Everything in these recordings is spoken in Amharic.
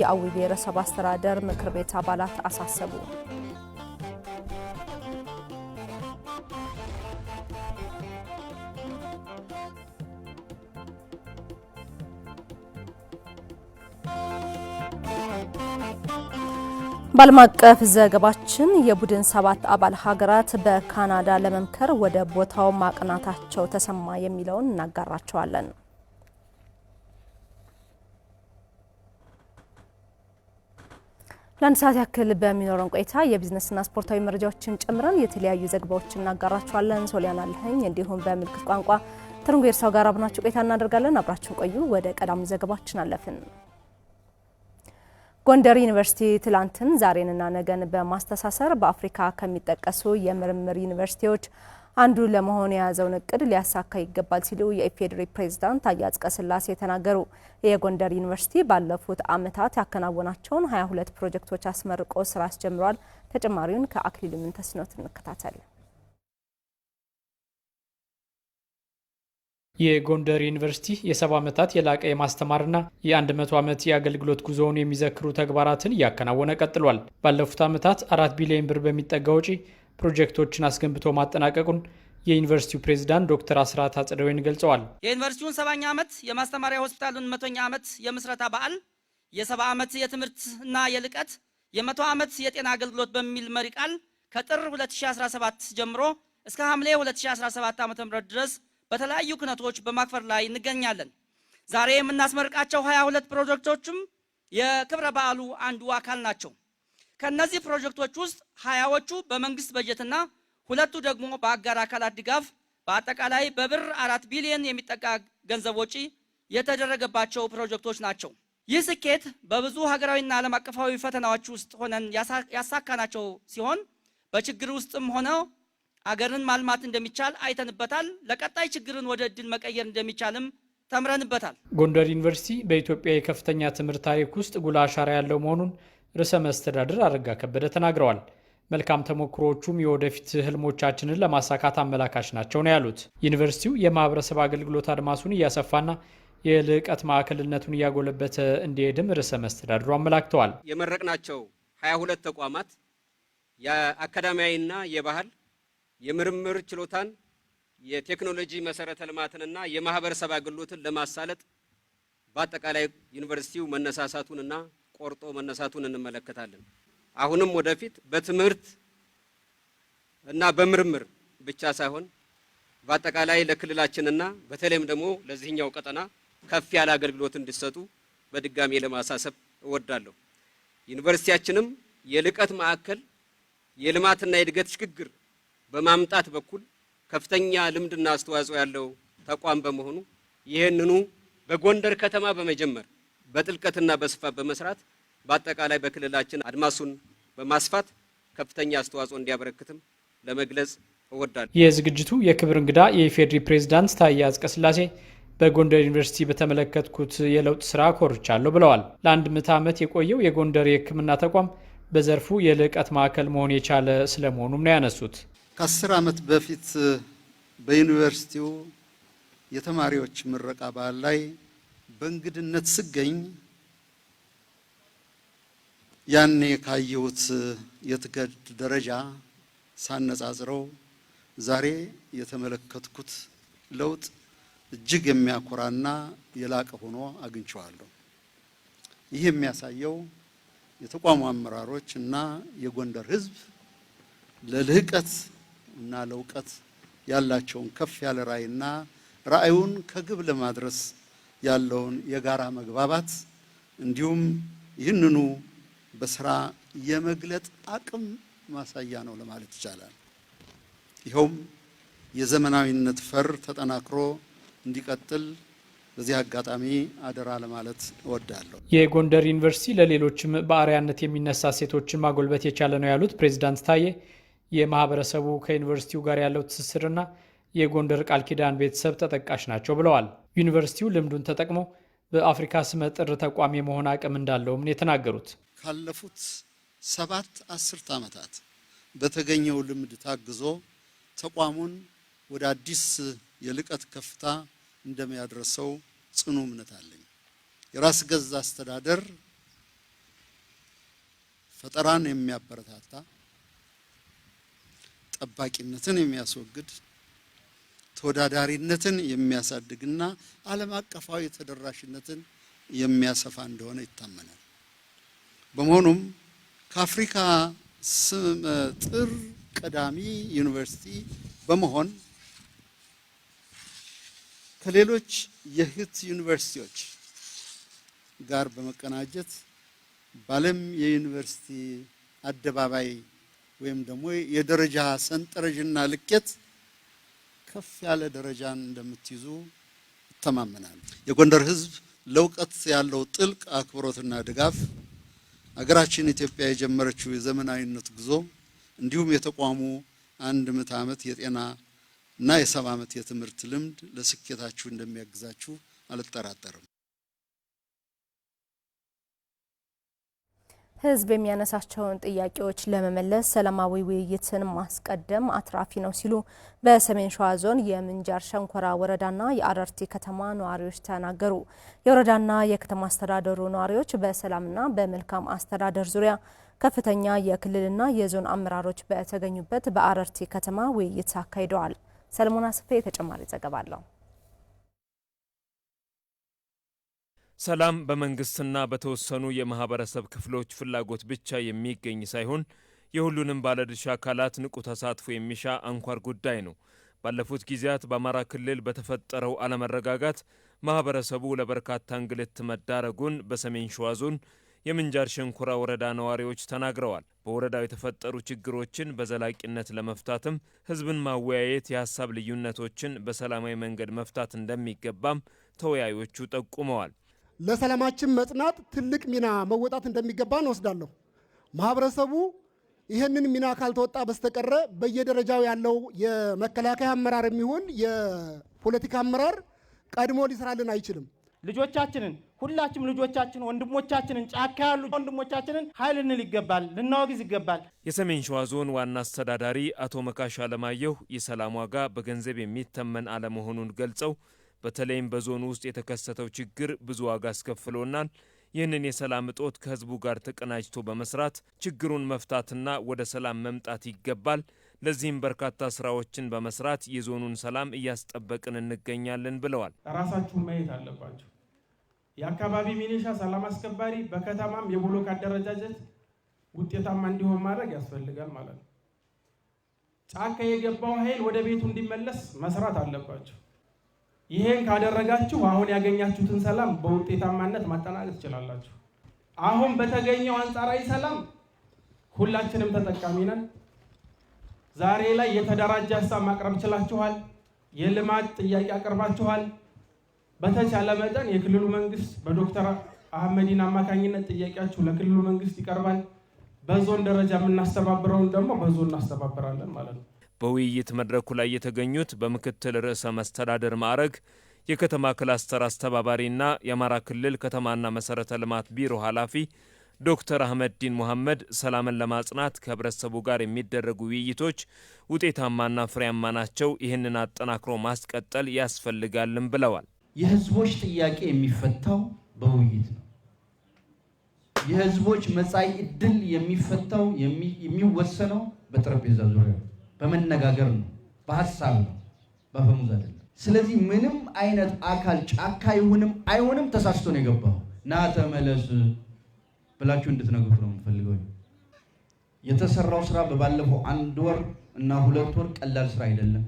የአዊ ብሔረሰብ አስተዳደር ምክር ቤት አባላት አሳሰቡ። በዓለም አቀፍ ዘገባችን የቡድን ሰባት አባል ሀገራት በካናዳ ለመምከር ወደ ቦታው ማቅናታቸው ተሰማ የሚለውን እናጋራቸዋለን። ለአንድ ሰዓት ያክል በሚኖረን ቆይታ የቢዝነስና ስፖርታዊ መረጃዎችን ጨምረን የተለያዩ ዘግባዎች እናጋራችኋለን። ሶሊያና አለኸኝ እንዲሁም በምልክት ቋንቋ ትርንጎ ኤርሳው ጋር አብናችሁ ቆይታ እናደርጋለን። አብራችሁን ቆዩ። ወደ ቀዳሚ ዘገባችን አለፍን። ጎንደር ዩኒቨርሲቲ ትላንትን ዛሬንና ነገን በማስተሳሰር በአፍሪካ ከሚጠቀሱ የምርምር ዩኒቨርሲቲዎች አንዱ ለመሆን የያዘውን እቅድ ሊያሳካ ይገባል ሲሉ የኢፌዴሪ ፕሬዝዳንት አያጽቀ ስላሴ ተናገሩ። የጎንደር ዩኒቨርሲቲ ባለፉት ዓመታት ያከናወናቸውን 22 ፕሮጀክቶች አስመርቆ ስራ አስጀምሯል። ተጨማሪውን ከአክሊሉ ምንተስኖት እንከታተል። የጎንደር ዩኒቨርሲቲ የሰባ ዓመታት የላቀ የማስተማርና የአንድ መቶ ዓመት የአገልግሎት ጉዞውን የሚዘክሩ ተግባራትን እያከናወነ ቀጥሏል። ባለፉት ዓመታት አራት ቢሊዮን ብር በሚጠጋ ወጪ ፕሮጀክቶችን አስገንብቶ ማጠናቀቁን የዩኒቨርሲቲው ፕሬዝዳንት ዶክተር አስራት አጽደወይን ገልጸዋል። የዩኒቨርሲቲውን ሰባኛ ዓመት የማስተማሪያ ሆስፒታሉን መቶኛ ዓመት የምስረታ በዓል የሰባ ዓመት የትምህርትና የልቀት የመቶ ዓመት የጤና አገልግሎት በሚል መሪ ቃል ከጥር 2017 ጀምሮ እስከ ሐምሌ 2017 ዓ ም ድረስ በተለያዩ ክነቶች በማክፈር ላይ እንገኛለን። ዛሬ የምናስመርቃቸው 22 ፕሮጀክቶችም የክብረ በዓሉ አንዱ አካል ናቸው። ከነዚህ ፕሮጀክቶች ውስጥ ሀያዎቹ በመንግስት በጀትና ሁለቱ ደግሞ በአጋር አካላት ድጋፍ በአጠቃላይ በብር አራት ቢሊዮን የሚጠጋ ገንዘብ ወጪ የተደረገባቸው ፕሮጀክቶች ናቸው። ይህ ስኬት በብዙ ሀገራዊና ዓለም አቀፋዊ ፈተናዎች ውስጥ ሆነን ያሳካናቸው ሲሆን በችግር ውስጥም ሆነ አገርን ማልማት እንደሚቻል አይተንበታል። ለቀጣይ ችግርን ወደ እድል መቀየር እንደሚቻልም ተምረንበታል። ጎንደር ዩኒቨርሲቲ በኢትዮጵያ የከፍተኛ ትምህርት ታሪክ ውስጥ ጉልህ አሻራ ያለው መሆኑን ርዕሰ መስተዳድር አረጋ ከበደ ተናግረዋል። መልካም ተሞክሮዎቹም የወደፊት ህልሞቻችንን ለማሳካት አመላካች ናቸው ነው ያሉት። ዩኒቨርሲቲው የማህበረሰብ አገልግሎት አድማሱን እያሰፋና የልዕቀት ማዕከልነቱን እያጎለበተ እንዲሄድም ርዕሰ መስተዳድሩ አመላክተዋል። የመረቅናቸው ሀያ ሁለት ተቋማት የአካዳሚያዊና የባህል የምርምር ችሎታን የቴክኖሎጂ መሰረተ ልማትንና የማህበረሰብ አገልግሎትን ለማሳለጥ በአጠቃላይ ዩኒቨርሲቲው መነሳሳቱንና ቆርጦ መነሳቱን እንመለከታለን። አሁንም ወደፊት በትምህርት እና በምርምር ብቻ ሳይሆን በአጠቃላይ ለክልላችንና በተለይም ደግሞ ለዚህኛው ቀጠና ከፍ ያለ አገልግሎት እንዲሰጡ በድጋሜ ለማሳሰብ እወዳለሁ። ዩኒቨርሲቲያችንም የልቀት ማዕከል የልማትና የእድገት ሽግግር በማምጣት በኩል ከፍተኛ ልምድና አስተዋጽኦ ያለው ተቋም በመሆኑ ይህንኑ በጎንደር ከተማ በመጀመር በጥልቀትና በስፋት በመስራት በአጠቃላይ በክልላችን አድማሱን በማስፋት ከፍተኛ አስተዋጽኦ እንዲያበረክትም ለመግለጽ እወዳለሁ። የዝግጅቱ የክብር እንግዳ የኢፌዴሪ ፕሬዝዳንት ታዬ አጽቀሥላሴ በጎንደር ዩኒቨርሲቲ በተመለከትኩት የለውጥ ስራ ኮርቻለሁ ብለዋል። ለአንድ ምዕተ ዓመት የቆየው የጎንደር የሕክምና ተቋም በዘርፉ የልዕቀት ማዕከል መሆን የቻለ ስለመሆኑም ነው ያነሱት። ከአስር ዓመት በፊት በዩኒቨርሲቲው የተማሪዎች ምረቃ በዓል ላይ በእንግድነት ስገኝ ያኔ ካየሁት የትገድ ደረጃ ሳነጻጽረው ዛሬ የተመለከትኩት ለውጥ እጅግ የሚያኮራና የላቀ ሆኖ አግኝቸዋለሁ። ይህ የሚያሳየው የተቋሙ አመራሮች እና የጎንደር ሕዝብ ለልህቀት እና ለእውቀት ያላቸውን ከፍ ያለ ራዕይና ራዕዩን ከግብ ለማድረስ ያለውን የጋራ መግባባት እንዲሁም ይህንኑ በስራ የመግለጥ አቅም ማሳያ ነው ለማለት ይቻላል። ይኸውም የዘመናዊነት ፈር ተጠናክሮ እንዲቀጥል በዚህ አጋጣሚ አደራ ለማለት እወዳለሁ። የጎንደር ዩኒቨርሲቲ ለሌሎችም በአርአያነት የሚነሳ ሴቶችን ማጎልበት የቻለ ነው ያሉት ፕሬዚዳንት ታዬ የማህበረሰቡ ከዩኒቨርሲቲው ጋር ያለው ትስስርና የጎንደር ቃል ኪዳን ቤተሰብ ተጠቃሽ ናቸው ብለዋል። ዩኒቨርሲቲው ልምዱን ተጠቅሞ በአፍሪካ ስመጥር ተቋም የመሆን አቅም እንዳለውም የተናገሩት። ካለፉት ሰባት አስርት ዓመታት በተገኘው ልምድ ታግዞ ተቋሙን ወደ አዲስ የልቀት ከፍታ እንደሚያደርሰው ጽኑ እምነት አለኝ። የራስ ገዝ አስተዳደር ፈጠራን የሚያበረታታ ጠባቂነትን የሚያስወግድ ተወዳዳሪነትን የሚያሳድግና ዓለም አቀፋዊ ተደራሽነትን የሚያሰፋ እንደሆነ ይታመናል። በመሆኑም ከአፍሪካ ስመጥር ቀዳሚ ዩኒቨርሲቲ በመሆን ከሌሎች የእህት ዩኒቨርሲቲዎች ጋር በመቀናጀት በዓለም የዩኒቨርሲቲ አደባባይ ወይም ደግሞ የደረጃ ሰንጠረዥና ልኬት ከፍ ያለ ደረጃን እንደምትይዙ ይተማመናል። የጎንደር ሕዝብ ለእውቀት ያለው ጥልቅ አክብሮትና ድጋፍ አገራችን ኢትዮጵያ የጀመረችው የዘመናዊነት ጉዞ እንዲሁም የተቋሙ አንድ ምዕተ ዓመት የጤና እና የሰባ ዓመት የትምህርት ልምድ ለስኬታችሁ እንደሚያግዛችሁ አልጠራጠርም። ህዝብ የሚያነሳቸውን ጥያቄዎች ለመመለስ ሰላማዊ ውይይትን ማስቀደም አትራፊ ነው ሲሉ በሰሜን ሸዋ ዞን የምንጃር ሸንኮራ ወረዳና የአረርቲ ከተማ ነዋሪዎች ተናገሩ። የወረዳና የከተማ አስተዳደሩ ነዋሪዎች በሰላምና በመልካም አስተዳደር ዙሪያ ከፍተኛ የክልልና የዞን አመራሮች በተገኙበት በአረርቲ ከተማ ውይይት አካሂደዋል። ሰለሞን አስፌ ተጨማሪ ዘገባ አለው። ሰላም በመንግስትና በተወሰኑ የማህበረሰብ ክፍሎች ፍላጎት ብቻ የሚገኝ ሳይሆን የሁሉንም ባለድርሻ አካላት ንቁ ተሳትፎ የሚሻ አንኳር ጉዳይ ነው። ባለፉት ጊዜያት በአማራ ክልል በተፈጠረው አለመረጋጋት ማህበረሰቡ ለበርካታ እንግልት መዳረጉን በሰሜን ሸዋ ዞን የምንጃር ሸንኮራ ወረዳ ነዋሪዎች ተናግረዋል። በወረዳው የተፈጠሩ ችግሮችን በዘላቂነት ለመፍታትም ህዝብን ማወያየት፣ የሀሳብ ልዩነቶችን በሰላማዊ መንገድ መፍታት እንደሚገባም ተወያዮቹ ጠቁመዋል። ለሰላማችን መጽናት ትልቅ ሚና መወጣት እንደሚገባ እንወስዳለሁ። ማህበረሰቡ ይህንን ሚና ካልተወጣ በስተቀረ በየደረጃው ያለው የመከላከያ አመራር የሚሆን የፖለቲካ አመራር ቀድሞ ሊሰራልን አይችልም። ልጆቻችንን ሁላችም ልጆቻችን ወንድሞቻችንን ጫካ ያሉ ወንድሞቻችንን ኃይል እንል ይገባል፣ ልናወግዝ ይገባል። የሰሜን ሸዋ ዞን ዋና አስተዳዳሪ አቶ መካሽ አለማየሁ የሰላም ዋጋ በገንዘብ የሚተመን አለመሆኑን ገልጸው በተለይም በዞኑ ውስጥ የተከሰተው ችግር ብዙ ዋጋ አስከፍሎናል። ይህንን የሰላም እጦት ከህዝቡ ጋር ተቀናጅቶ በመስራት ችግሩን መፍታትና ወደ ሰላም መምጣት ይገባል። ለዚህም በርካታ ስራዎችን በመስራት የዞኑን ሰላም እያስጠበቅን እንገኛለን ብለዋል። ራሳችሁን ማየት አለባቸው። የአካባቢ ሚኒሻ ሰላም አስከባሪ፣ በከተማም የብሎክ አደረጃጀት ውጤታማ እንዲሆን ማድረግ ያስፈልጋል ማለት ነው። ጫካ የገባው ኃይል ወደ ቤቱ እንዲመለስ መስራት አለባቸው። ይሄን ካደረጋችሁ አሁን ያገኛችሁትን ሰላም በውጤታማነት ማጠናቀቅ ትችላላችሁ። አሁን በተገኘው አንጻራዊ ሰላም ሁላችንም ተጠቃሚ ነን። ዛሬ ላይ የተደራጀ ሀሳብ ማቅረብ ችላችኋል። የልማት ጥያቄ አቅርባችኋል። በተቻለ መጠን የክልሉ መንግስት በዶክተር አህመዲን አማካኝነት ጥያቄያችሁ ለክልሉ መንግስት ይቀርባል። በዞን ደረጃ የምናስተባብረውን ደግሞ በዞን እናስተባብራለን ማለት ነው። በውይይት መድረኩ ላይ የተገኙት በምክትል ርዕሰ መስተዳደር ማዕረግ የከተማ ክላስተር አስተባባሪና የአማራ ክልል ከተማና መሠረተ ልማት ቢሮ ኃላፊ ዶክተር አህመድ ዲን ሙሐመድ ሰላምን ለማጽናት ከህብረተሰቡ ጋር የሚደረጉ ውይይቶች ውጤታማና ፍሬያማ ናቸው፣ ይህንን አጠናክሮ ማስቀጠል ያስፈልጋልም ብለዋል። የህዝቦች ጥያቄ የሚፈታው በውይይት ነው። የህዝቦች መጻኢ ዕድል የሚፈታው የሚወሰነው በጠረጴዛ ዙሪያ ነው። በመነጋገር ነው፣ በሀሳብ ነው፣ በአፈሙዝ አይደለም። ስለዚህ ምንም አይነት አካል ጫካ ይሁንም አይሆንም ተሳስቶ ነው የገባው። ና ተመለስ ብላችሁ እንድትነግሩ ነው የምፈልገው። የተሰራው ስራ በባለፈው አንድ ወር እና ሁለት ወር ቀላል ስራ አይደለም።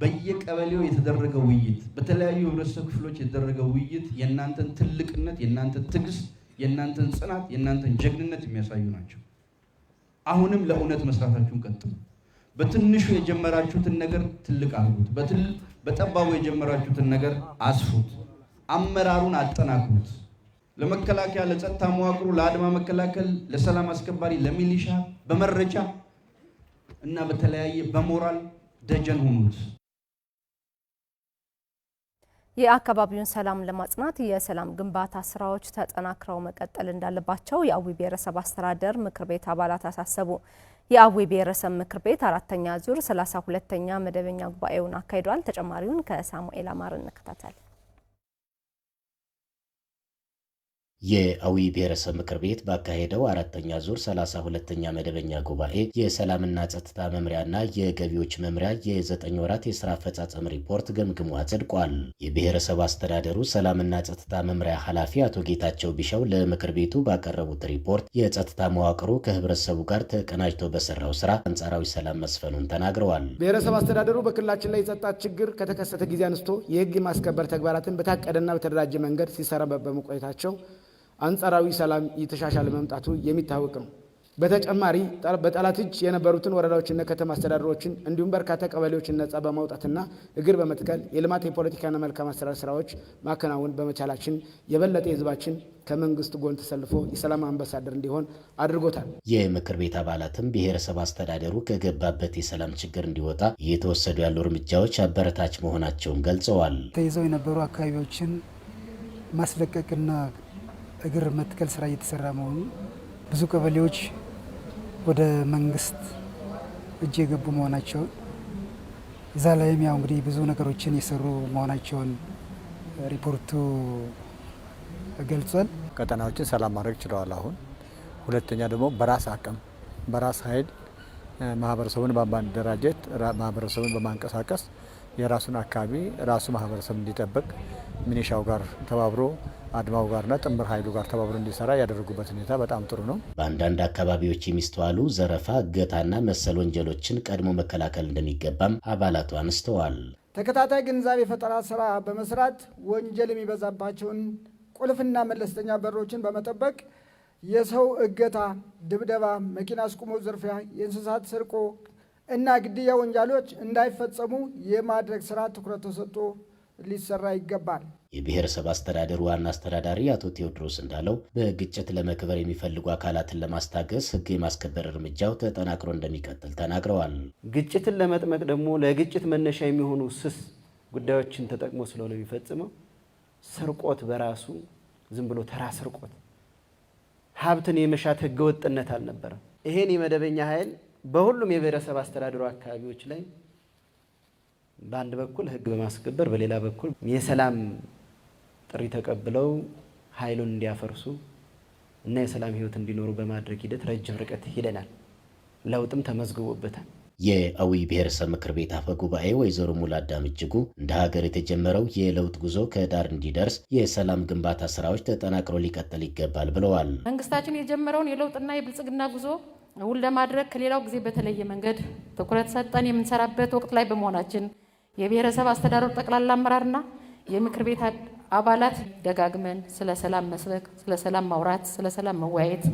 በየቀበሌው የተደረገ ውይይት፣ በተለያዩ የህብረተሰብ ክፍሎች የተደረገ ውይይት የእናንተን ትልቅነት፣ የእናንተን ትዕግስት፣ የእናንተን ጽናት፣ የእናንተን ጀግንነት የሚያሳዩ ናቸው። አሁንም ለእውነት መስራታችሁን ቀጥሉ። በትንሹ የጀመራችሁትን ነገር ትልቅ አድርጉት። በጠባቡ የጀመራችሁትን ነገር አስፉት። አመራሩን አጠናክሩት። ለመከላከያ፣ ለጸጥታ መዋቅሩ፣ ለአድማ መከላከል፣ ለሰላም አስከባሪ፣ ለሚሊሻ በመረጃ እና በተለያየ በሞራል ደጀን ሆኑት። የአካባቢውን ሰላም ለማጽናት የሰላም ግንባታ ስራዎች ተጠናክረው መቀጠል እንዳለባቸው የአዊ ብሔረሰብ አስተዳደር ምክር ቤት አባላት አሳሰቡ። የአዊ ብሔረሰብ ምክር ቤት አራተኛ ዙር ሰላሳ ሁለተኛ መደበኛ ጉባኤውን አካሂዷል። ተጨማሪውን ከሳሙኤል አማር እንከታተል። የአዊ ብሔረሰብ ምክር ቤት ባካሄደው አራተኛ ዙር ሰላሳ ሁለተኛ መደበኛ ጉባኤ የሰላምና ጸጥታ መምሪያና የገቢዎች መምሪያ የዘጠኝ ወራት የስራ አፈጻጸም ሪፖርት ገምግሞ አጽድቋል። የብሔረሰብ አስተዳደሩ ሰላምና ጸጥታ መምሪያ ኃላፊ አቶ ጌታቸው ቢሻው ለምክር ቤቱ ባቀረቡት ሪፖርት የጸጥታ መዋቅሩ ከህብረተሰቡ ጋር ተቀናጅቶ በሰራው ስራ አንጻራዊ ሰላም መስፈኑን ተናግረዋል። ብሔረሰብ አስተዳደሩ በክልላችን ላይ የጸጥታ ችግር ከተከሰተ ጊዜ አንስቶ የህግ የማስከበር ተግባራትን በታቀደና በተደራጀ መንገድ ሲሰራ በመቆየታቸው አንጻራዊ ሰላም እየተሻሻለ መምጣቱ የሚታወቅ ነው። በተጨማሪ በጠላት እጅ የነበሩትን ወረዳዎችና ከተማ አስተዳደሮችን እንዲሁም በርካታ ቀበሌዎችን ነጻ በማውጣትና እግር በመትከል የልማት የፖለቲካና መልካም አሰራር ስራዎች ማከናወን በመቻላችን የበለጠ ህዝባችን ከመንግስት ጎን ተሰልፎ የሰላም አምባሳደር እንዲሆን አድርጎታል። የምክር ቤት አባላትም ብሔረሰብ አስተዳደሩ ከገባበት የሰላም ችግር እንዲወጣ እየተወሰዱ ያሉ እርምጃዎች አበረታች መሆናቸውን ገልጸዋል። ተይዘው የነበሩ አካባቢዎችን ማስለቀቅና እግር መትከል ስራ እየተሰራ መሆኑ ብዙ ቀበሌዎች ወደ መንግስት እጅ የገቡ መሆናቸውን እዛ ላይም ያው እንግዲህ ብዙ ነገሮችን የሰሩ መሆናቸውን ሪፖርቱ ገልጿል። ቀጠናዎችን ሰላም ማድረግ ችለዋል። አሁን ሁለተኛ ደግሞ በራስ አቅም በራስ ኃይል ማህበረሰቡን በማደራጀት ማህበረሰቡን በማንቀሳቀስ የራሱን አካባቢ ራሱ ማህበረሰብ እንዲጠብቅ ሚኒሻው ጋር ተባብሮ አድማው ጋርና ጥምር ኃይሉ ጋር ተባብሮ እንዲሰራ ያደረጉበት ሁኔታ በጣም ጥሩ ነው። በአንዳንድ አካባቢዎች የሚስተዋሉ ዘረፋ፣ እገታና መሰል ወንጀሎችን ቀድሞ መከላከል እንደሚገባም አባላቱ አንስተዋል። ተከታታይ ግንዛቤ ፈጠራ ስራ በመስራት ወንጀል የሚበዛባቸውን ቁልፍና መለስተኛ በሮችን በመጠበቅ የሰው እገታ፣ ድብደባ፣ መኪና አስቁሞ ዝርፊያ፣ የእንስሳት ስርቆ እና ግድያ ወንጀሎች እንዳይፈጸሙ የማድረግ ስራ ትኩረት ተሰጥቶ ሊሰራ ይገባል። የብሔረሰብ አስተዳደር ዋና አስተዳዳሪ አቶ ቴዎድሮስ እንዳለው በግጭት ለመክበር የሚፈልጉ አካላትን ለማስታገስ ሕግ የማስከበር እርምጃው ተጠናክሮ እንደሚቀጥል ተናግረዋል። ግጭትን ለመጥመቅ ደግሞ ለግጭት መነሻ የሚሆኑ ስስ ጉዳዮችን ተጠቅሞ ስለሆነ የሚፈጽመው ስርቆት በራሱ ዝም ብሎ ተራ ስርቆት፣ ሀብትን የመሻት ሕገ ወጥነት አልነበረም። ይሄን የመደበኛ ኃይል በሁሉም የብሔረሰብ አስተዳደሩ አካባቢዎች ላይ በአንድ በኩል ህግ በማስከበር በሌላ በኩል የሰላም ጥሪ ተቀብለው ኃይሉን እንዲያፈርሱ እና የሰላም ህይወት እንዲኖሩ በማድረግ ሂደት ረጅም ርቀት ሂደናል። ለውጥም ተመዝግቦበታል። የአዊ ብሔረሰብ ምክር ቤት አፈ ጉባኤ ወይዘሮ ሙላዳም እጅጉ እንደ ሀገር የተጀመረው የለውጥ ጉዞ ከዳር እንዲደርስ የሰላም ግንባታ ስራዎች ተጠናክሮ ሊቀጥል ይገባል ብለዋል። መንግስታችን የጀመረውን የለውጥና የብልጽግና ጉዞ እውን ለማድረግ ከሌላው ጊዜ በተለየ መንገድ ትኩረት ሰጠን የምንሰራበት ወቅት ላይ በመሆናችን የብሔረሰብ አስተዳደር ጠቅላላ አመራርና የምክር ቤት አባላት ደጋግመን ስለ ሰላም መስበክ፣ ስለ ሰላም ማውራት፣ ስለ ሰላም መወያየት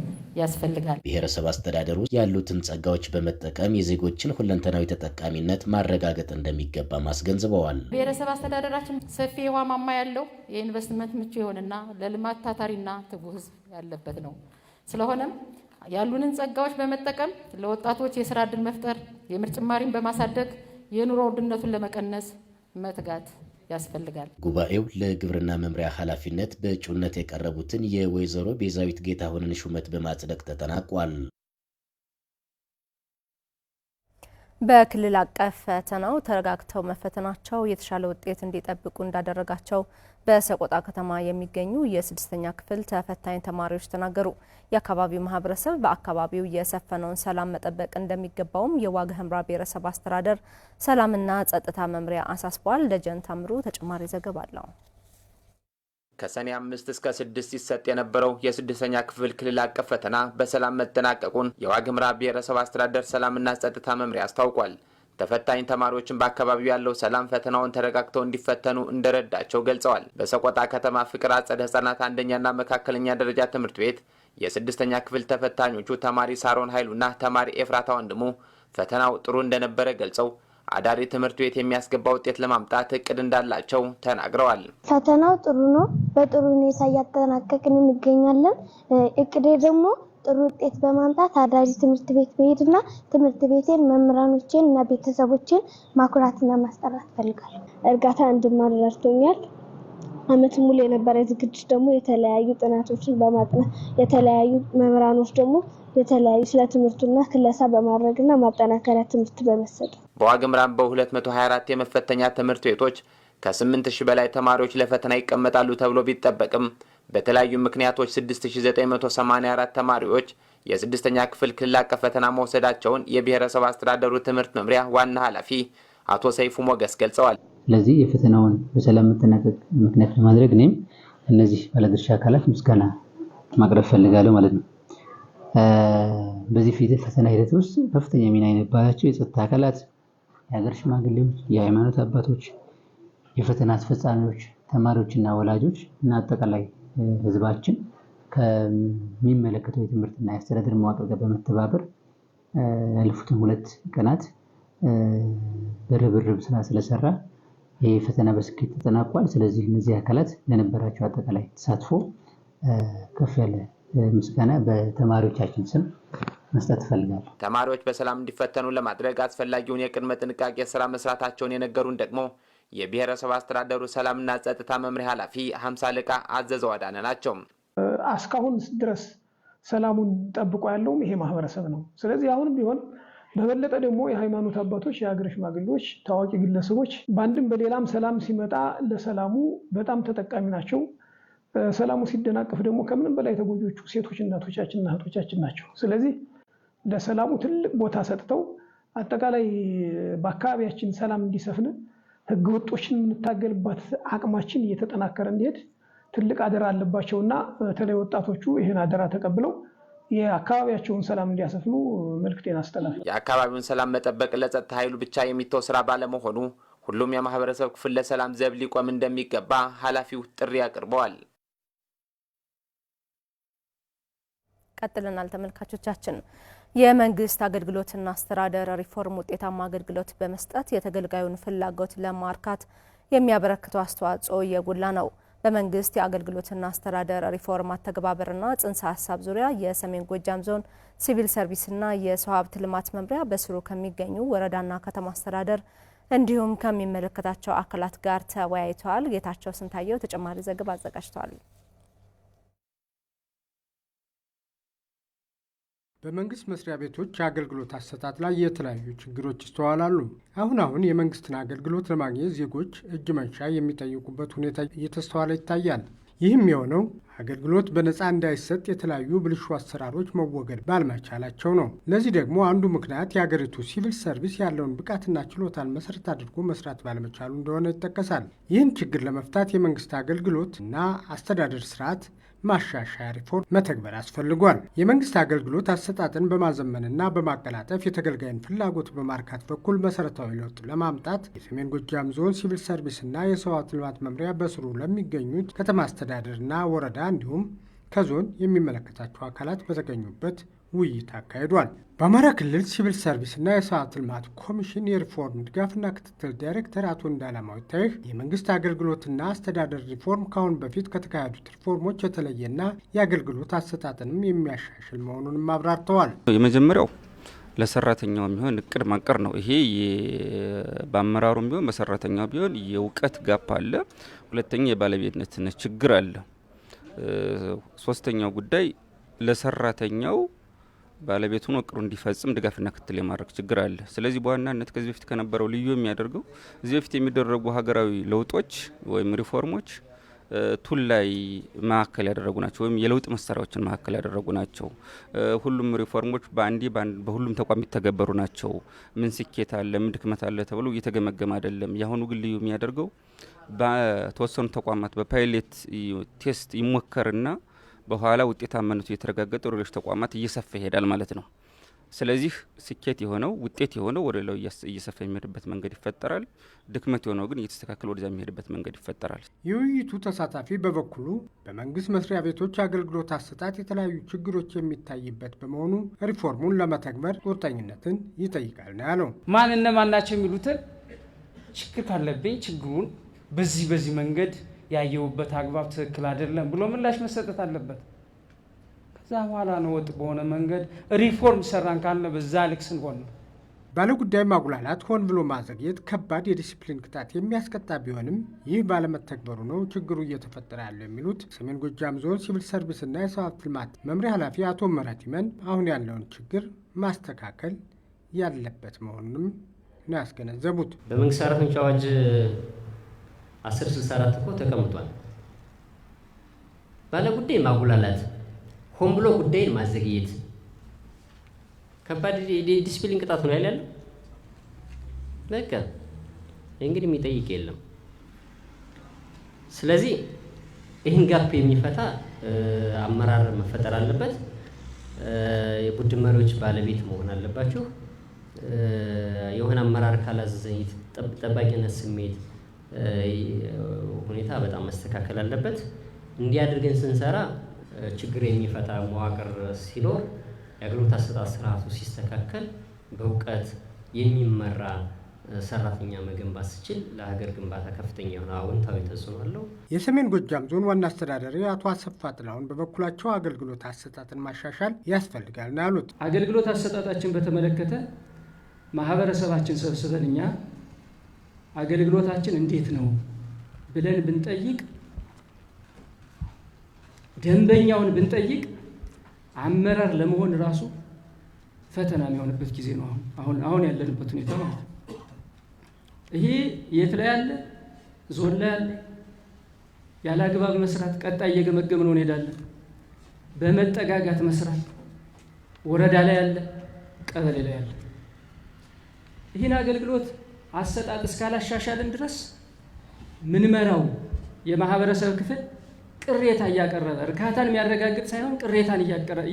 ያስፈልጋል። ብሔረሰብ አስተዳደሩ ያሉትን ጸጋዎች በመጠቀም የዜጎችን ሁለንተናዊ ተጠቃሚነት ማረጋገጥ እንደሚገባ ማስገንዝበዋል። ብሔረሰብ አስተዳደራችን ሰፊ የውሃ ማማ ያለው የኢንቨስትመንት ምቹ የሆነና ለልማት ታታሪና ትጉህ ህዝብ ያለበት ነው። ስለሆነም ያሉንን ጸጋዎች በመጠቀም ለወጣቶች የስራ ዕድል መፍጠር፣ የምርት ጭማሪን በማሳደግ የኑሮ ውድነቱን ለመቀነስ መትጋት ያስፈልጋል። ጉባኤው ለግብርና መምሪያ ኃላፊነት በእጩነት የቀረቡትን የወይዘሮ ቤዛዊት ጌታሁንን ሹመት በማጽደቅ ተጠናቋል። በክልል አቀፍ ፈተናው ተረጋግተው መፈተናቸው የተሻለ ውጤት እንዲጠብቁ እንዳደረጋቸው በሰቆጣ ከተማ የሚገኙ የስድስተኛ ክፍል ተፈታኝ ተማሪዎች ተናገሩ። የአካባቢው ማህበረሰብ በአካባቢው የሰፈነውን ሰላም መጠበቅ እንደሚገባውም የዋግ ህምራ ብሔረሰብ አስተዳደር ሰላምና ጸጥታ መምሪያ አሳስቧል። ደጀን ታምሩ ተጨማሪ ዘገባ አለው። ከሰኔ አምስት እስከ ስድስት ሲሰጥ የነበረው የስድስተኛ ክፍል ክልል አቀፍ ፈተና በሰላም መጠናቀቁን የዋግምራ ብሔረሰብ አስተዳደር ሰላምና ጸጥታ መምሪያ አስታውቋል። ተፈታኝ ተማሪዎችን በአካባቢው ያለው ሰላም ፈተናውን ተረጋግተው እንዲፈተኑ እንደረዳቸው ገልጸዋል። በሰቆጣ ከተማ ፍቅር አጸደ ህጻናት አንደኛና መካከለኛ ደረጃ ትምህርት ቤት የስድስተኛ ክፍል ተፈታኞቹ ተማሪ ሳሮን ኃይሉና ተማሪ ኤፍራታ ወንድሙ ፈተናው ጥሩ እንደነበረ ገልጸው አዳሪ ትምህርት ቤት የሚያስገባ ውጤት ለማምጣት እቅድ እንዳላቸው ተናግረዋል። ፈተናው ጥሩ ነው። በጥሩ ሁኔታ እያጠናቀቅን እንገኛለን። እቅዴ ደግሞ ጥሩ ውጤት በማምጣት አዳሪ ትምህርት ቤት መሄድና ትምህርት ቤቴን መምህራኖችን እና ቤተሰቦችን ማኩራትና ማስጠራት ፈልጋል። እርጋታ እንድማር ረድቶኛል። አመት ሙሉ የነበረ ዝግጅት ደግሞ የተለያዩ ጥናቶችን በማጥናት የተለያዩ መምህራኖች ደግሞ የተለያዩ ስለ ትምህርቱና ክለሳ በማድረግና ማጠናከሪያ ትምህርት በመሰጠት በዋግምራም በ224 የመፈተኛ ትምህርት ቤቶች ከ8000 በላይ ተማሪዎች ለፈተና ይቀመጣሉ ተብሎ ቢጠበቅም በተለያዩ ምክንያቶች 6984 ተማሪዎች የስድስተኛ ክፍል ክልል አቀፍ ፈተና መውሰዳቸውን የብሔረሰብ አስተዳደሩ ትምህርት መምሪያ ዋና ኃላፊ አቶ ሰይፉ ሞገስ ገልጸዋል። ለዚህ የፈተናውን በሰላም መጠናቀቅ ምክንያት ለማድረግ እኔም እነዚህ ባለድርሻ አካላት ምስጋና ማቅረብ ፈልጋለሁ ማለት ነው። በዚህ ፊት ፈተና ሂደት ውስጥ ከፍተኛ ሚና የነበራቸው የጸጥታ አካላት የሀገር ሽማግሌዎች፣ የሃይማኖት አባቶች፣ የፈተና አስፈጻሚዎች፣ ተማሪዎችና ወላጆች እና አጠቃላይ ህዝባችን ከሚመለከተው የትምህርትና የአስተዳደር መዋቅር ጋር በመተባበር ያለፉትን ሁለት ቀናት በርብርብ ስራ ስለሰራ ይህ ፈተና በስኬት ተጠናቋል። ስለዚህ እነዚህ አካላት ለነበራቸው አጠቃላይ ተሳትፎ ከፍ ያለ ምስጋና በተማሪዎቻችን ስም መስጠት እፈልጋለሁ። ተማሪዎች በሰላም እንዲፈተኑ ለማድረግ አስፈላጊውን የቅድመ ጥንቃቄ ስራ መስራታቸውን የነገሩን ደግሞ የብሔረሰብ አስተዳደሩ ሰላምና ጸጥታ መምሪያ ኃላፊ ሀምሳ አለቃ አዘዘው አዳነ ናቸው። እስካሁን ድረስ ሰላሙን ጠብቆ ያለውም ይሄ ማህበረሰብ ነው። ስለዚህ አሁንም ቢሆን በበለጠ ደግሞ የሃይማኖት አባቶች፣ የሀገር ሽማግሌዎች፣ ታዋቂ ግለሰቦች በአንድም በሌላም ሰላም ሲመጣ ለሰላሙ በጣም ተጠቃሚ ናቸው። ሰላሙ ሲደናቀፍ ደግሞ ከምንም በላይ ተጎጆቹ ሴቶች እናቶቻችንና እህቶቻችን ናቸው። ስለዚህ ለሰላሙ ትልቅ ቦታ ሰጥተው አጠቃላይ በአካባቢያችን ሰላም እንዲሰፍን ህገ ወጦችን የምንታገልባት አቅማችን እየተጠናከረ እንዲሄድ ትልቅ አደራ አለባቸው እና በተለይ ወጣቶቹ ይህን አደራ ተቀብለው የአካባቢያቸውን ሰላም እንዲያሰፍኑ መልክቴን አስተላልፍ። የአካባቢውን ሰላም መጠበቅ ለጸጥታ ኃይሉ ብቻ የሚተው ስራ ባለመሆኑ ሁሉም የማህበረሰብ ክፍል ለሰላም ዘብ ሊቆም እንደሚገባ ኃላፊው ጥሪ አቅርበዋል። ቀጥለናል ተመልካቾቻችን። የመንግስት አገልግሎትና አስተዳደር ሪፎርም ውጤታማ አገልግሎት በመስጠት የተገልጋዩን ፍላጎት ለማርካት የሚያበረክተው አስተዋጽኦ የጎላ ነው። በመንግስት የአገልግሎትና አስተዳደር ሪፎርም አተገባበርና ጽንሰ ሀሳብ ዙሪያ የሰሜን ጎጃም ዞን ሲቪል ሰርቪስና የሰው ሀብት ልማት መምሪያ በስሩ ከሚገኙ ወረዳና ከተማ አስተዳደር እንዲሁም ከሚመለከታቸው አካላት ጋር ተወያይተዋል። ጌታቸው ስንታየው ተጨማሪ ዘገባ አዘጋጅተዋል። በመንግስት መስሪያ ቤቶች የአገልግሎት አሰጣጥ ላይ የተለያዩ ችግሮች ይስተዋላሉ። አሁን አሁን የመንግስትን አገልግሎት ለማግኘት ዜጎች እጅ መንሻ የሚጠይቁበት ሁኔታ እየተስተዋለ ይታያል። ይህም የሆነው አገልግሎት በነፃ እንዳይሰጥ የተለያዩ ብልሹ አሰራሮች መወገድ ባለመቻላቸው ነው። ለዚህ ደግሞ አንዱ ምክንያት የአገሪቱ ሲቪል ሰርቪስ ያለውን ብቃትና ችሎታን መሰረት አድርጎ መስራት ባለመቻሉ እንደሆነ ይጠቀሳል። ይህን ችግር ለመፍታት የመንግስት አገልግሎት እና አስተዳደር ስርዓት ማሻሻያ ሪፎርም መተግበር አስፈልጓል። የመንግስት አገልግሎት አሰጣጥን በማዘመንና በማቀላጠፍ የተገልጋይን ፍላጎት በማርካት በኩል መሰረታዊ ለውጥ ለማምጣት የሰሜን ጎጃም ዞን ሲቪል ሰርቪስና ና የሰዋት ልማት መምሪያ በስሩ ለሚገኙት ከተማ አስተዳደርና ወረዳ እንዲሁም ከዞን የሚመለከታቸው አካላት በተገኙበት ውይይት አካሂዷል። በአማራ ክልል ሲቪል ሰርቪስና የሰዓት ልማት ኮሚሽን የሪፎርም ድጋፍና ክትትል ዳይሬክተር አቶ እንዳላማው ታይህ የመንግስት አገልግሎትና አስተዳደር ሪፎርም ከአሁን በፊት ከተካሄዱት ሪፎርሞች የተለየና የአገልግሎት አሰጣጥንም የሚያሻሽል መሆኑንም አብራርተዋል። የመጀመሪያው ለሰራተኛው የሚሆን እቅድ ማቀር ነው። ይሄ በአመራሩም ቢሆን በሰራተኛው ቢሆን የእውቀት ጋፕ አለ። ሁለተኛ የባለቤትነት ችግር አለ። ሶስተኛው ጉዳይ ለሰራተኛው ባለቤቱን እቅሩ እንዲፈጽም ድጋፍና ክትል የማድረግ ችግር አለ። ስለዚህ በዋናነት ከዚህ በፊት ከነበረው ልዩ የሚያደርገው እዚህ በፊት የሚደረጉ ሀገራዊ ለውጦች ወይም ሪፎርሞች ቱል ላይ ማዕከል ያደረጉ ናቸው፣ ወይም የለውጥ መሳሪያዎችን ማዕከል ያደረጉ ናቸው። ሁሉም ሪፎርሞች በአንዴ በሁሉም ተቋም የተገበሩ ናቸው። ምን ስኬት አለ፣ ምን ድክመት አለ ተብሎ እየተገመገመ አይደለም። የአሁኑ ግን ልዩ የሚያደርገው በተወሰኑ ተቋማት በፓይሌት ቴስት ይሞከርና በኋላ ውጤታማነቱ የተረጋገጠ ወደ ሌሎች ተቋማት እየሰፋ ይሄዳል ማለት ነው። ስለዚህ ስኬት የሆነው ውጤት የሆነው ወደ ሌላው እየሰፋ የሚሄድበት መንገድ ይፈጠራል። ድክመት የሆነው ግን እየተስተካከለ ወደዚያ የሚሄድበት መንገድ ይፈጠራል። የውይይቱ ተሳታፊ በበኩሉ በመንግስት መስሪያ ቤቶች አገልግሎት አሰጣጥ የተለያዩ ችግሮች የሚታይበት በመሆኑ ሪፎርሙን ለመተግበር ቁርጠኝነትን ይጠይቃል ነው ያለው። ማን እነማን ናቸው የሚሉትን ችግር ካለብኝ ችግሩን በዚህ በዚህ መንገድ ያየውበት አግባብ ትክክል አይደለም ብሎ ምላሽ መሰጠት አለበት። ከዛ በኋላ ነው ወጥ በሆነ መንገድ ሪፎርም ሰራን ካለ በዛ ልክ ስንሆን ነው። ባለጉዳይ ማጉላላት ሆን ብሎ ማዘግየት ከባድ የዲሲፕሊን ቅጣት የሚያስቀጣ ቢሆንም ይህ ባለመተግበሩ ነው ችግሩ እየተፈጠረ ያለው የሚሉት ሰሜን ጎጃም ዞን ሲቪል ሰርቪስና የሰው ሀብት ልማት መምሪያ ኃላፊ አቶ መረቲመን አሁን ያለውን ችግር ማስተካከል ያለበት መሆኑንም ነው ያስገነዘቡት። በመንግስት ሰራተኞች አዋጅ አስር ስልሳ አራት እኮ ተቀምጧል። ባለ ጉዳይ ማጉላላት፣ ሆን ብሎ ጉዳይን ማዘግየት ከባድ ዲስፕሊን ቅጣት ነው ያለ። በቃ እንግዲህ የሚጠይቅ የለም። ስለዚህ ይህን ጋፕ የሚፈታ አመራር መፈጠር አለበት። የቡድን መሪዎች ባለቤት መሆን አለባችሁ። የሆነ አመራር ካላዘዘኝ ጠባቂነት ስሜት ሁኔታ በጣም መስተካከል አለበት። እንዲያድርገን ስንሰራ ችግር የሚፈታ መዋቅር ሲኖር የአገልግሎት አሰጣጥ ስርዓቱ ሲስተካከል በእውቀት የሚመራ ሰራተኛ መገንባት ስችል ለሀገር ግንባታ ከፍተኛ የሆነ አዎንታዊ ተጽዕኖ አለው። የሰሜን ጎጃም ዞን ዋና አስተዳዳሪ አቶ አሰፋ ጥላሁን በበኩላቸው አገልግሎት አሰጣጥን ማሻሻል ያስፈልጋል ነው ያሉት። አገልግሎት አሰጣጣችን በተመለከተ ማህበረሰባችን ሰብስበን እኛ አገልግሎታችን እንዴት ነው ብለን ብንጠይቅ ደንበኛውን ብንጠይቅ አመራር ለመሆን ራሱ ፈተና የሚሆንበት ጊዜ ነው። አሁን አሁን ያለንበት ሁኔታ ማለት ይሄ የት ላይ ያለ ዞን ላይ ያለ ያለ አግባብ መስራት፣ ቀጣይ እየገመገም ነው እንሄዳለን። በመጠጋጋት መስራት ወረዳ ላይ ያለ፣ ቀበሌ ላይ ያለ ይህን አገልግሎት አሰጣጥ እስካላሻሻልን ድረስ ምንመራው የማህበረሰብ ክፍል ቅሬታ እያቀረበ እርካታን የሚያረጋግጥ ሳይሆን ቅሬታን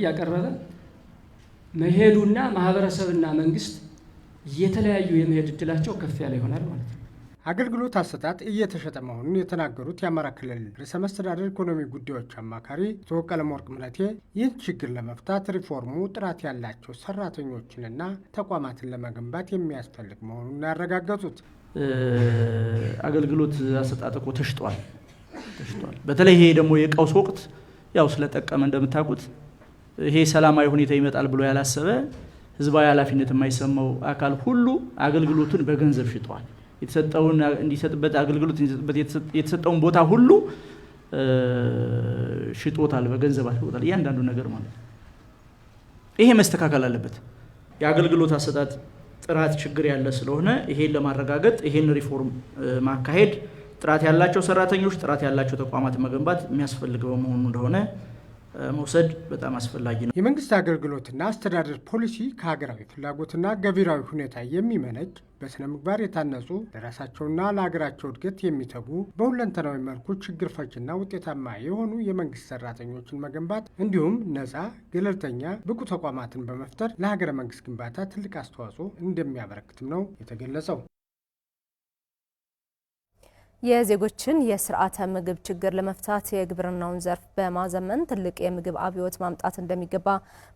እያቀረበ መሄዱና ማህበረሰብና መንግስት እየተለያዩ የመሄድ እድላቸው ከፍ ያለ ይሆናል ማለት ነው። አገልግሎት አሰጣጥ እየተሸጠ መሆኑን የተናገሩት የአማራ ክልል ርዕሰ መስተዳደር ኢኮኖሚ ጉዳዮች አማካሪ አቶ ቀለመወርቅ ምረቴ ይህን ችግር ለመፍታት ሪፎርሙ ጥራት ያላቸው ሰራተኞችንና ተቋማትን ለመገንባት የሚያስፈልግ መሆኑን ያረጋገጡት አገልግሎት አሰጣጥ እኮ ተሽጧል ተሽጧል። በተለይ ይሄ ደግሞ የቀውስ ወቅት ያው ስለጠቀመ እንደምታውቁት ይሄ ሰላማዊ ሁኔታ ይመጣል ብሎ ያላሰበ ህዝባዊ ኃላፊነት የማይሰማው አካል ሁሉ አገልግሎቱን በገንዘብ ሽጧል። የተሰጠውን እንዲሰጥበት አገልግሎት የተሰጠውን ቦታ ሁሉ ሽጦታል፣ በገንዘብ አሽጦታል። እያንዳንዱ ነገር ማለት ነው። ይሄ መስተካከል አለበት። የአገልግሎት አሰጣጥ ጥራት ችግር ያለ ስለሆነ ይሄን ለማረጋገጥ ይሄን ሪፎርም ማካሄድ ጥራት ያላቸው ሰራተኞች፣ ጥራት ያላቸው ተቋማት መገንባት የሚያስፈልግ በመሆኑ እንደሆነ መውሰድ በጣም አስፈላጊ ነው። የመንግስት አገልግሎትና አስተዳደር ፖሊሲ ከሀገራዊ ፍላጎትና ገቢራዊ ሁኔታ የሚመነጭ በስነ ምግባር የታነጹ ለራሳቸውና ለሀገራቸው እድገት የሚተጉ በሁለንተናዊ መልኩ ችግር ፈችና ውጤታማ የሆኑ የመንግስት ሰራተኞችን መገንባት እንዲሁም ነፃ፣ ገለልተኛ፣ ብቁ ተቋማትን በመፍጠር ለሀገረ መንግስት ግንባታ ትልቅ አስተዋጽኦ እንደሚያበረክትም ነው የተገለጸው። የዜጎችን የስርዓተ ምግብ ችግር ለመፍታት የግብርናውን ዘርፍ በማዘመን ትልቅ የምግብ አብዮት ማምጣት እንደሚገባ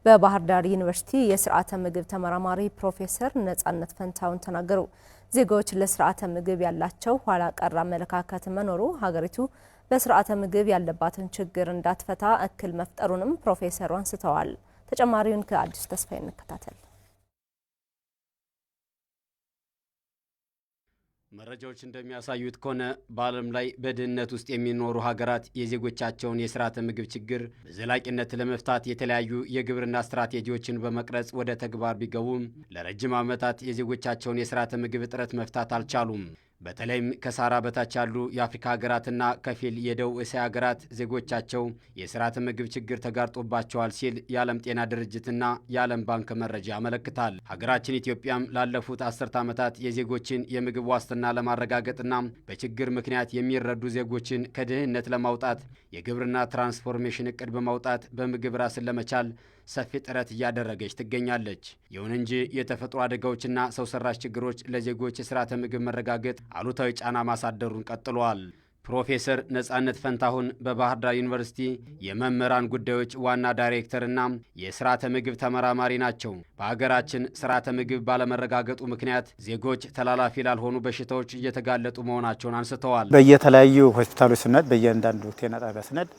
በባህር ዳር ዩኒቨርሲቲ የስርዓተ ምግብ ተመራማሪ ፕሮፌሰር ነጻነት ፈንታውን ተናገሩ። ዜጎች ለስርዓተ ምግብ ያላቸው ኋላ ቀር አመለካከት መኖሩ ሀገሪቱ በስርዓተ ምግብ ያለባትን ችግር እንዳትፈታ እክል መፍጠሩንም ፕሮፌሰሩ አንስተዋል። ተጨማሪውን ከአዲስ ተስፋ እንከታተል። መረጃዎች እንደሚያሳዩት ከሆነ በዓለም ላይ በድህነት ውስጥ የሚኖሩ ሀገራት የዜጎቻቸውን የስርዓተ ምግብ ችግር በዘላቂነት ለመፍታት የተለያዩ የግብርና ስትራቴጂዎችን በመቅረጽ ወደ ተግባር ቢገቡም ለረጅም ዓመታት የዜጎቻቸውን የስርዓተ ምግብ እጥረት መፍታት አልቻሉም። በተለይም ከሳራ በታች ያሉ የአፍሪካ ሀገራትና ከፊል የደቡብ እስያ ሀገራት ዜጎቻቸው የስርዓተ ምግብ ችግር ተጋርጦባቸዋል ሲል የዓለም ጤና ድርጅትና የዓለም ባንክ መረጃ ያመለክታል። ሀገራችን ኢትዮጵያም ላለፉት አስርተ ዓመታት የዜጎችን የምግብ ዋስትና ለማረጋገጥና በችግር ምክንያት የሚረዱ ዜጎችን ከድህነት ለማውጣት የግብርና ትራንስፎርሜሽን እቅድ በማውጣት በምግብ ራስን ለመቻል ሰፊ ጥረት እያደረገች ትገኛለች። ይሁን እንጂ የተፈጥሮ አደጋዎችና ሰው ሰራሽ ችግሮች ለዜጎች የስርዓተ ምግብ መረጋገጥ አሉታዊ ጫና ማሳደሩን ቀጥሏል። ፕሮፌሰር ነጻነት ፈንታሁን በባህር ዳር ዩኒቨርሲቲ የመምህራን ጉዳዮች ዋና ዳይሬክተርና የስርዓተ ምግብ ተመራማሪ ናቸው። በሀገራችን ስርዓተ ምግብ ባለመረጋገጡ ምክንያት ዜጎች ተላላፊ ላልሆኑ በሽታዎች እየተጋለጡ መሆናቸውን አንስተዋል። በየተለያዩ ሆስፒታሎች ስነድ፣ በየአንዳንዱ ጤና ጣቢያ ስነድ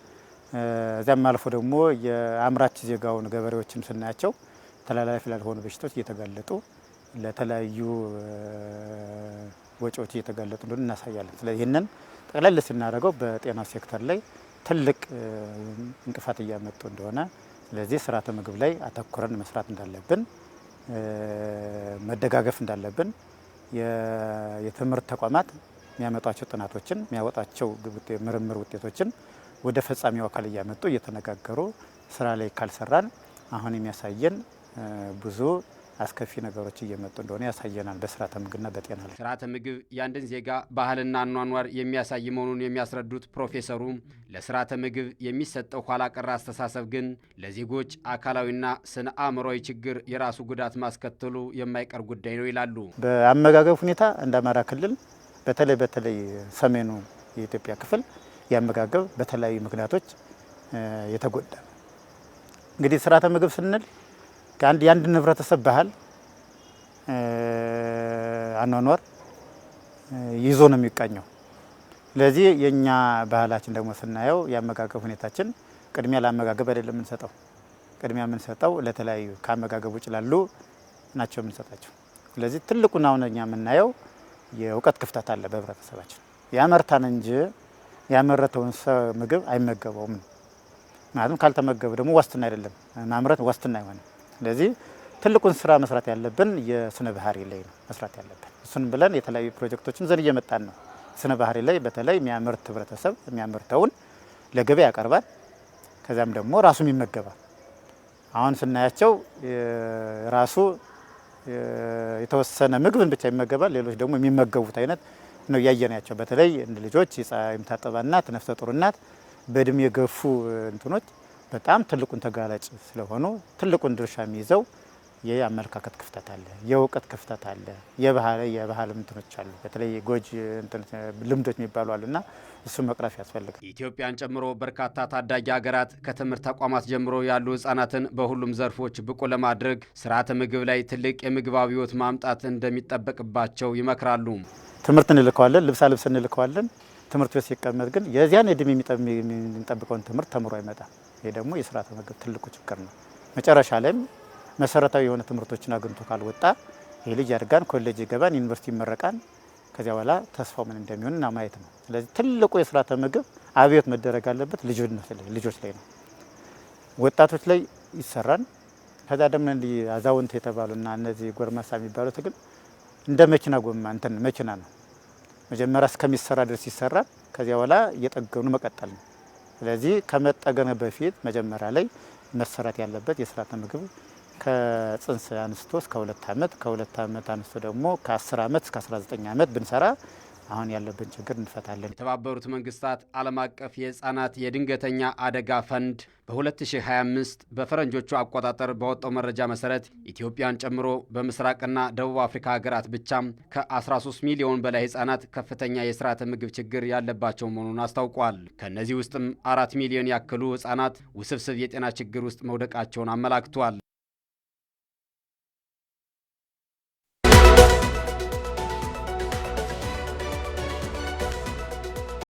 እዚያም አልፎ ደግሞ የአምራች ዜጋውን ገበሬዎችን ስናያቸው ተላላፊ ላልሆኑ በሽታዎች እየተጋለጡ ለተለያዩ ወጪዎች እየተጋለጡ እንደሆነ እናሳያለን። ስለዚህ ይህንን ጠቅለል ስናደርገው በጤና ሴክተር ላይ ትልቅ እንቅፋት እያመጡ እንደሆነ፣ ስለዚህ ስርዓተ ምግብ ላይ አተኩረን መስራት እንዳለብን፣ መደጋገፍ እንዳለብን የትምህርት ተቋማት የሚያመጧቸው ጥናቶችን የሚያወጣቸው ምርምር ውጤቶችን ወደ ፈጻሚው አካል እያመጡ እየተነጋገሩ ስራ ላይ ካልሰራን አሁን የሚያሳየን ብዙ አስከፊ ነገሮች እየመጡ እንደሆነ ያሳየናል። በስርዓተ ምግብና በጤና ላይ ስርዓተ ምግብ የአንድን ዜጋ ባህልና አኗኗር የሚያሳይ መሆኑን የሚያስረዱት ፕሮፌሰሩ ለስርዓተ ምግብ የሚሰጠው ኋላ ቀር አስተሳሰብ ግን ለዜጎች አካላዊና ስነ አእምሯዊ ችግር የራሱ ጉዳት ማስከተሉ የማይቀር ጉዳይ ነው ይላሉ። በአመጋገብ ሁኔታ እንደ አማራ ክልል በተለይ በተለይ ሰሜኑ የኢትዮጵያ ክፍል የአመጋገብ በተለያዩ ምክንያቶች የተጎዳ ነው። እንግዲህ ስርዓተ ምግብ ስንል ከአንድ የአንድን ህብረተሰብ ባህል አኗኗር ይዞ ነው የሚቃኘው። ስለዚህ የእኛ ባህላችን ደግሞ ስናየው የአመጋገብ ሁኔታችን ቅድሚያ ለአመጋገብ አይደለም የምንሰጠው። ቅድሚያ የምንሰጠው ለተለያዩ ከአመጋገብ ውጭ ላሉ ናቸው የምንሰጣቸው። ስለዚህ ትልቁን አሁን እኛ የምናየው የእውቀት ክፍተት አለ በህብረተሰባችን። ያመርታን እንጂ ያመረተውን ምግብ አይመገበውም። ምክንያቱም ካልተመገበ ደግሞ ዋስትና አይደለም፣ ማምረት ዋስትና አይሆንም። ስለዚህ ትልቁን ስራ መስራት ያለብን የስነ ባህሪ ላይ ነው መስራት ያለብን። እሱን ብለን የተለያዩ ፕሮጀክቶችን ዘን እየመጣን ነው። ስነ ባህሪ ላይ በተለይ የሚያመርት ህብረተሰብ የሚያመርተውን ለገበያ ያቀርባል። ከዚያም ደግሞ ራሱም ይመገባል። አሁን ስናያቸው ራሱ የተወሰነ ምግብን ብቻ ይመገባል፣ ሌሎች ደግሞ የሚመገቡት አይነት ነው እያየናቸው። በተለይ ልጆች የምታጠባ እናት፣ ነፍሰ ጡር እናት፣ በእድሜ የገፉ እንትኖች በጣም ትልቁን ተጋላጭ ስለሆኑ ትልቁን ድርሻ የሚይዘው የአመለካከት ክፍተት አለ፣ የእውቀት ክፍተት አለ፣ የባህል እንትኖች አሉ። በተለይ ጎጂ ልምዶች የሚባሉ አሉና እሱ መቅረፍ ያስፈልጋል። ኢትዮጵያን ጨምሮ በርካታ ታዳጊ ሀገራት ከትምህርት ተቋማት ጀምሮ ያሉ ህጻናትን በሁሉም ዘርፎች ብቁ ለማድረግ ስርዓተ ምግብ ላይ ትልቅ የምግብ አብዮት ማምጣት እንደሚጠበቅባቸው ይመክራሉ። ትምህርት እንልከዋለን፣ ልብሳ ልብስ እንልከዋለን። ትምህርት ቤት ሲቀመጥ ግን የዚያን እድሜ የሚጠብቀውን ትምህርት ተምሮ አይመጣም። ይህ ደግሞ የስርዓተ ምግብ ትልቁ ችግር ነው መጨረሻ ላይም መሰረታዊ የሆነ ትምህርቶችን አግኝቶ ካልወጣ ይህ ልጅ ያድጋን፣ ኮሌጅ ይገባን፣ ዩኒቨርሲቲ ይመረቃን፣ ከዚያ በኋላ ተስፋው ምን እንደሚሆን እና ማየት ነው። ስለዚህ ትልቁ የስርዓተ ምግብ አብዮት መደረግ አለበት ልጆች ላይ ነው። ወጣቶች ላይ ይሰራን። ከዛ ደግሞ አዛውንት የተባሉና እነዚህ ጎርማሳ የሚባሉት ግን እንደ መኪና ጎማ እንትን መኪና ነው። መጀመሪያ እስከሚሰራ ድረስ ይሰራል። ከዚያ በኋላ እየጠገኑ መቀጠል ነው። ስለዚህ ከመጠገነ በፊት መጀመሪያ ላይ መሰራት ያለበት የስርዓተ ምግብ ከጽንስ አንስቶ እስከ ሁለት ዓመት ከሁለት ዓመት አንስቶ ደግሞ ከ10 ዓመት እስከ 19 ዓመት ብንሰራ አሁን ያለብን ችግር እንፈታለን። የተባበሩት መንግስታት ዓለም አቀፍ የህፃናት የድንገተኛ አደጋ ፈንድ በ2025 በፈረንጆቹ አቆጣጠር በወጣው መረጃ መሰረት ኢትዮጵያን ጨምሮ በምስራቅና ደቡብ አፍሪካ ሀገራት ብቻም ከ13 ሚሊዮን በላይ ህጻናት ከፍተኛ የስርዓተ ምግብ ችግር ያለባቸው መሆኑን አስታውቋል። ከእነዚህ ውስጥም አራት ሚሊዮን ያክሉ ህጻናት ውስብስብ የጤና ችግር ውስጥ መውደቃቸውን አመላክቷል።